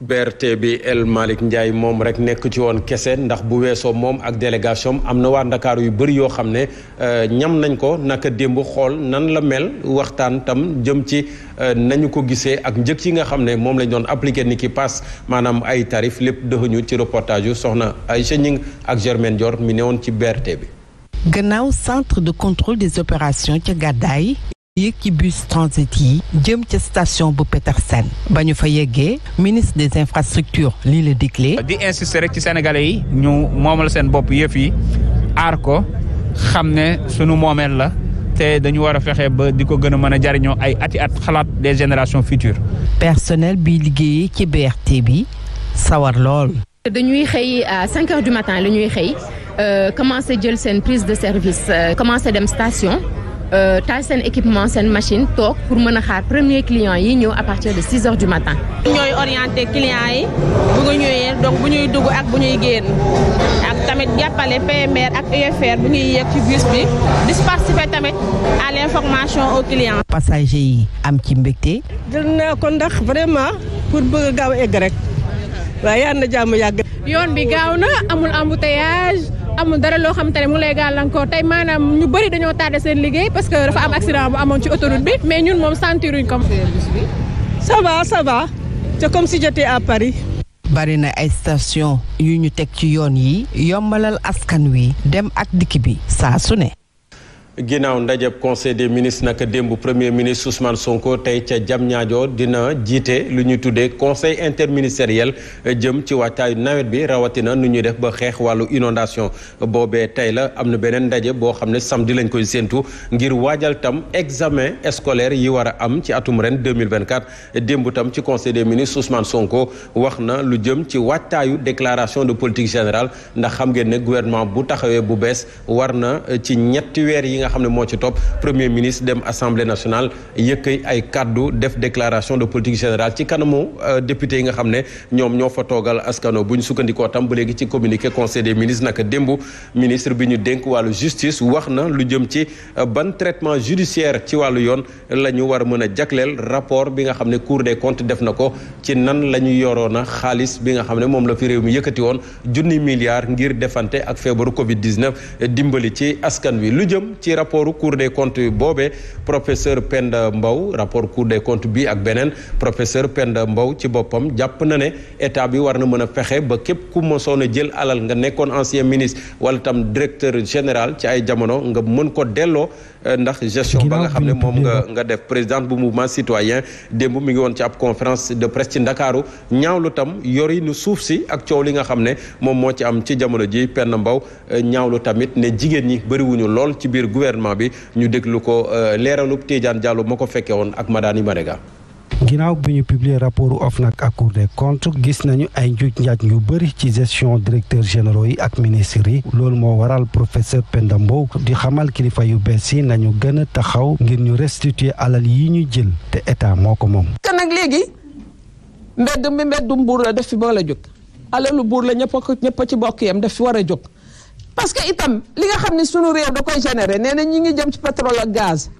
BRT bi El Malick Ndiaye moom rek nekk ci woon kese ndax bu weesoo moom ak délégation am na waa Ndakaaru yu bëri yoo xam ne euh, ñam nañ ko naka démb xool nan la mel waxtaan tam jëm ci euh, nañu ko gisee ak njëg yi nga xam ne moom lañ doon appliqué ni ki pass maanaam ay tarif lépp dëxuñu ci reportage yu soxna Aïcha Ñing ak Germaine Dior mi woon ci BRT bi. gannaaw centre de contrôle des opérations ca gàddaay yéeg ci bus transit yi jëm ca station bu Petersen ba ñu fa yeggee ministre des infrastructures lii la digle di insister rek ci sénégalais yi ñu la seen bopp yëf yi aar ko xam ne sunu moomeel la te dañu war a fexe ba di ko gën a mën a jariñoo ay ati at xalaat des générations futures personnel bi liggéeyee ci BRT bi sawar lool dañuy xëy à 5 heures du matin la ñuy xëy euh, commencer jël seen prise de service euh, commencé dem station Euh, taal seen équipement seen machine toog pour mën a xaar premier client yi ñëw à partir de 6 heures du matin. ñooy orienté clients yi bu ñuy dugg ak bu ñuy génn ak tamit jàppale PMR ak UFR e bu ñuy yéeg ci bus bi di participer tamit à l'information aux clients. passagers yi am ci mbégte. jël na kon ndax vraiment pour bëgg gaaw egg rek waaye yal na jàmm yàgg. yoon bi gaaw na amul embouteillage. amul dara loo xamante ne mu ngi lay gàllankoor tey maanaam ñu bëri dañoo tardé seen liggéey parce que dafa am accident bu amoon ci autoroute bi mais ñun moom sentiruñ ko. ça va ça va comme si j'étais à Paris. bari na ay station yu ñu teg ci yoon yi yombalal askan wi dem ak dikk bi saa su ne. ginnaaw ndajeb conseil des ministres naka démb premier ministre Ousmane Sonko tey ca Diamniadio dina jiite lu ñuy tuddee conseil interministériel eh, jëm ci waajtaayu nawet bi rawatina nu ñuy def ba xeex wàllu inondation boobee tey la am na beneen ndaje boo xam ne samedi lañ koy séentu ngir waajal tam examen scolaire yi war a am ci atum ren 2024 démb tam ci conseil de ministres Ousmane Sonko wax na lu jëm ci waajtaayu déclaration de politique général ndax xam ngeen ne gouvernement bu taxawee bu bees war na eh, ci ñetti weer yi nga nga xam ne moo ci topp premier ministre dem assemblée nationale yëkkay ay kaddu def déclaration de politique générale ci kanamu euh, député yi nga xam ne ñoom ñoo fa toogal askano bu ñu sukkandikoo tam léegi ci communiqué conseil des ministres naka démb ministre bi ñu dénk wàllu justice wax na lu jëm ci euh, ban traitement judiciaire ci wàllu yoon la ñu war a mën a jagleel rapport bi nga xam ne cour de comptes def na ko ci nan la ñu yoroon a xaalis bi nga xam ne moom la fi réew mi yëkkati woon junni milliards ngir defante ak feebaru Covid 19 dimbali ci askan wi lu jëm ci rapportu cour des comptes boobee professeur Penda Mbow rapport cour des comptes bi ak beneen professeur Penda Mbow ci boppam jàpp na ne état bi war na mën a fexe ba képp ku mosoon a jël alal nga nekkoon ancien ministre wala tam directeur général ci ay jamono nga mën ko delloo Euh, ndax gestion ba nga xam ne moom nga nga def président bu mouvement citoyen démb mi ngi woon ci ab conférence de presse ci ndakaaru ñaawlu tam yori nu suuf si ak coow li nga xam ne moom moo ci am ci jamono ji penn Mbow euh, ñaawlu tamit ne jigéen ñi bëriwuñu lool ci biir gouvernement bi ñu déglu ko euh, leeralub Tidiane Diallo ma ko fekke woon ak Madani Marega ginnaaw bi ñu publier rapport OFNAC ak Cour des gis nañu ay njuuj njaaj yu bëri ci gestion directeur généraux yi ak ministres yi loolu moo waral professeur Penda Mbow di xamal kilifa yu bees yi nañu gën a taxaw ngir ñu restituer alal yi ñu jël te état moo ko moom. te nag léegi mbedd mi mbeddum buur la def fi ba la jóg alalu buur la ñëpp ko ñëpp ci bokk yam def fi war a jóg. parce que itam li nga xam ne sunu réew da koy générer nee na ñi ngi jëm ci pétrole ak gaz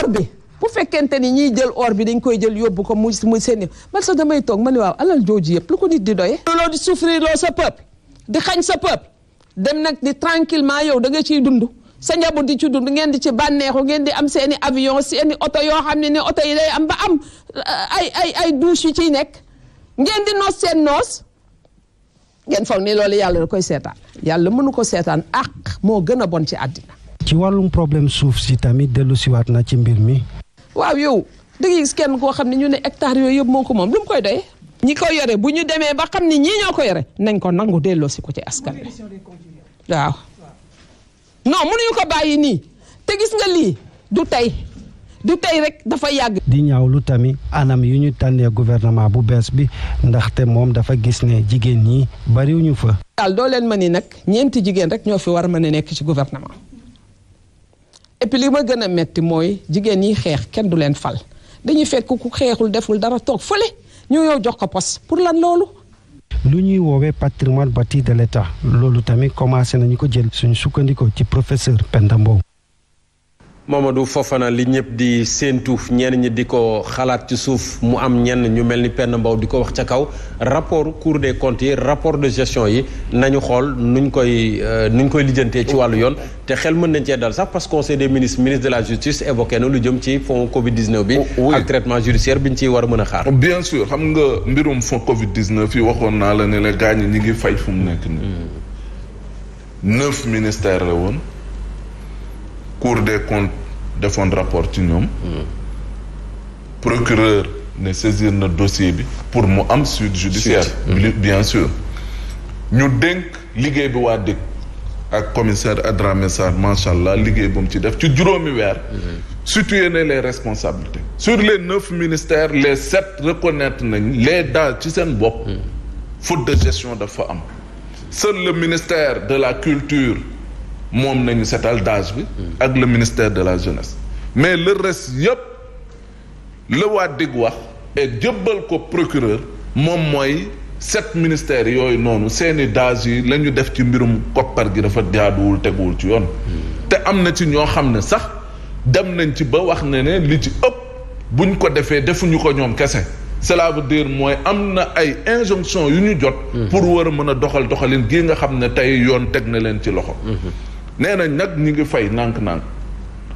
or bi. bu fekkente ni ñiy jël or bi dañ koy jël yóbbu ko mu muy seen man sax damay toog ma ne waaw alal jooju yëpp lu ko nit di doy loo di souffrir loo sa peuple di xañ sa peuple dem nag di tranquillement yow da nga ciy dund sa njaboot di ci dund ngeen di ci bànneexu ngeen di am seen i avion seen i oto yoo xam ne ne oto yi day am ba am eh, ay ay ay yu ciy nekk ngeen di noos seen noos ngeen foog ni loolu yàlla da koy seetaan yàlla mënu ko seetaan ak moo gën a bon ci àddina ci wàllum problème suuf si tamit dellu siwaat ci mbir mi waaw yow da ngay gis kenn koo xam ne ñu ne hectare yooyu yëpp moo ko moom lu mu koy doyee. ñi ko yore bu ñu demee ba xam ni ñii ñoo ko yore nañ ko nangu delloo si ko ci askan bi waaw. non mënuñu ko bàyyi nii te gis nga lii du tey du tey rek dafa yàgg. di ñaaw lu tamit anam yu ñu tànnee gouvernement bu bees bi ndaxte moom dafa gis ne jigéen ñi bariwuñu fa. daal doo leen ma ni nag ñeenti jigéen rek ñoo fi war a mën a nekk ci gouvernement. et puis li ma gën a metti mooy jigéen yi xeex kenn du leen fal dañuy fekk ku xeexul deful dara toog fële ñu yow jox ko pos pour lan loolu. lu ñuy woowee patrimoine bâti de l'État loolu tamit commencé nañu ko jël suñu sukkandikoo ci professeur Penda Mbow Mamadou Fofana li ñëpp di séentu ñeen ñi di ko xalaat ci suuf mu am ñenn ñu mel ni Penda Mbow di ko wax ca kaw rapport Cour de comptes yi rapport de gestion yi nañu xool nuñ koy euh, nuñ koy lijjantee ci wàllu yoon te xel mën nañ cee dal sax parce que conseil des ministres ministre de la justice évoqué na lu jëm ci fonds Covid bi. Oh, ak traitement judiciaire bi ñu ciy war a mën a xaar. bien sûr xam nga mbirum fonds Covid 19 yi waxoon naa la ne la gaañ ñi ngi fay fu mu nekk hmm. la woon. cour des comptes defoon rapport ci ñoom. procureur ne saisir na dossier bi pour mu am suite judiciaire mmh. bien sûr ñu dénk liggéey bi waa dëkk ak commissaire Adramé Sarr macha allah liggéey bu mu ci def ci juróomi weer. Mmh. situé na les responsabilité sur les neuf ministères les sept reconnaître nañ les daal ci seen bopp. Mmh. faute de gestion dafa am. seul le ministère de la culture. moom nañu setal dage bi ak le ministère de la jeunesse mais le res yëpp la waa wax et jëbbal ko procureur moom mooy sept ministères yooyu noonu seeni dage yi lañu def ci mbirum koppar gi dafa jaaduwul teguwul ci yoon te am na ci ñoo xam ne sax dem nañ ci ba wax ne ne li ci ëpp buñ ko defee defuñu ko ñoom kese cela veut dire mooy am na ay injonction yu ñu jot mm-hmm. pour war a mën a doxal doxalin gi nga xam ne tey yoon teg na leen ci loxo mm-hmm. nee nañ nag ñu ngi fay nànk-nànk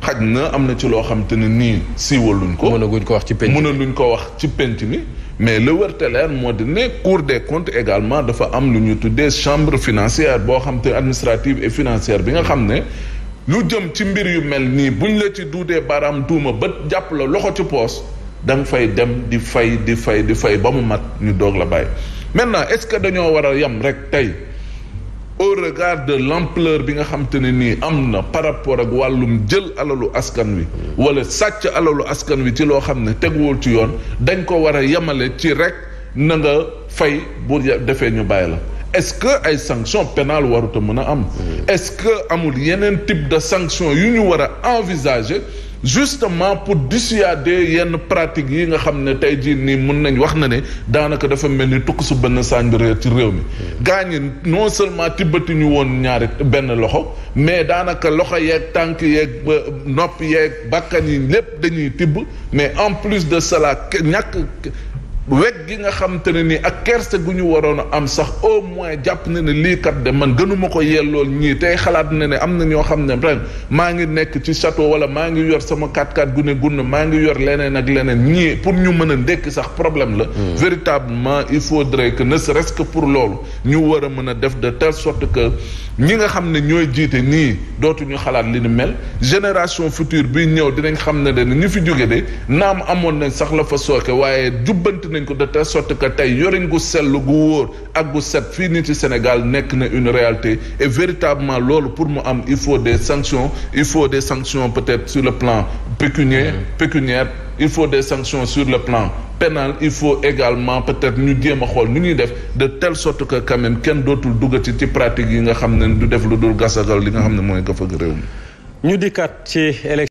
xaj na am na ci loo xam te ne nii luñ ko. mënaguñ ko wax ci penc mi mënaluñ ko wax ci penc mi. mais le wërteleer moo di ne cour des comptes également dafa am lu ñu tuddee chambre financière boo xam te administrative et financière bi nga xam ne lu jëm ci mbir yu mel nii buñ la ci duudee baaraam tuuma ba jàpp la loxo ci poos da fay dem di fay di fay di fay ba mu mat ñu doog la bàyyi. maintenant est-ce que dañoo war a yem rek tey. au regard de l'ampleur bi nga xam te ne nii am na par rapport ak wàllum jël alalu askan wi wala sàcc alalu askan wi ci loo xam ne teguwul ci yoon dañ ko war a yemale ci rek na nga fay bu defee ñu bàyyi la est-ce que ay sanction pénale waruta mën a am mm. est-ce que amul yeneen type de sanction yu ñu war a envisager justement pour dissuader yenn pratique yi nga xam ne tey jii nii mun nañ wax na ne daanaka dafa mel ni tukk su benn sànj réer ci réew mi gaa ñi non seulement tibbati ñu woon ñaari benn loxo mais daanaka loxo yeeg tànk yeeg nopp yeeg bakkan yi lépp dañuy tibb mais en plus de cela ñàkk weg gi nga xam ne nii ak kerse gu ñu waroon a am sax au moins jàpp na ne lii kat de man gënuma ko yellool ñii tey xalaat ne ne am na ñoo xam ne ren maa ngi nekk ci château wala maa ngi yor sama 4x4 gune gunn maa ngi yor leneen ak leneen ñii pour ñu mën a ndékki sax problème la hmm. véritablement il faudrait que ne serait-ce pour loolu ñu war a mën a def de telle sorte que ñi nga xam ne ñooy jiite nii dootuñu xalaat li ni mel génération future bi ñëw dinañ xam ne de ñi fi jóge de naam amoon nañ sax la fa sooke waaye jubbanti nañ ko de telle sorte que tey yorin gu sell gu wóor ak gu set fii nii ci Sénégal nekk na une réalité et véritablement loolu pour mu am il faut des sanctions il faut des sanctions peut-être sur le plan pécuniaire pécuniaire il faut des sanctions sur le plan pénal il faut également peut-être ñu jéem a xool nu ñuy def de telle sorte que quand kenn dootul duggati ci pratique yi nga xam ne du def lu dul gasagal li nga xam ne mooy gafag réew mi ñu dikkaat ci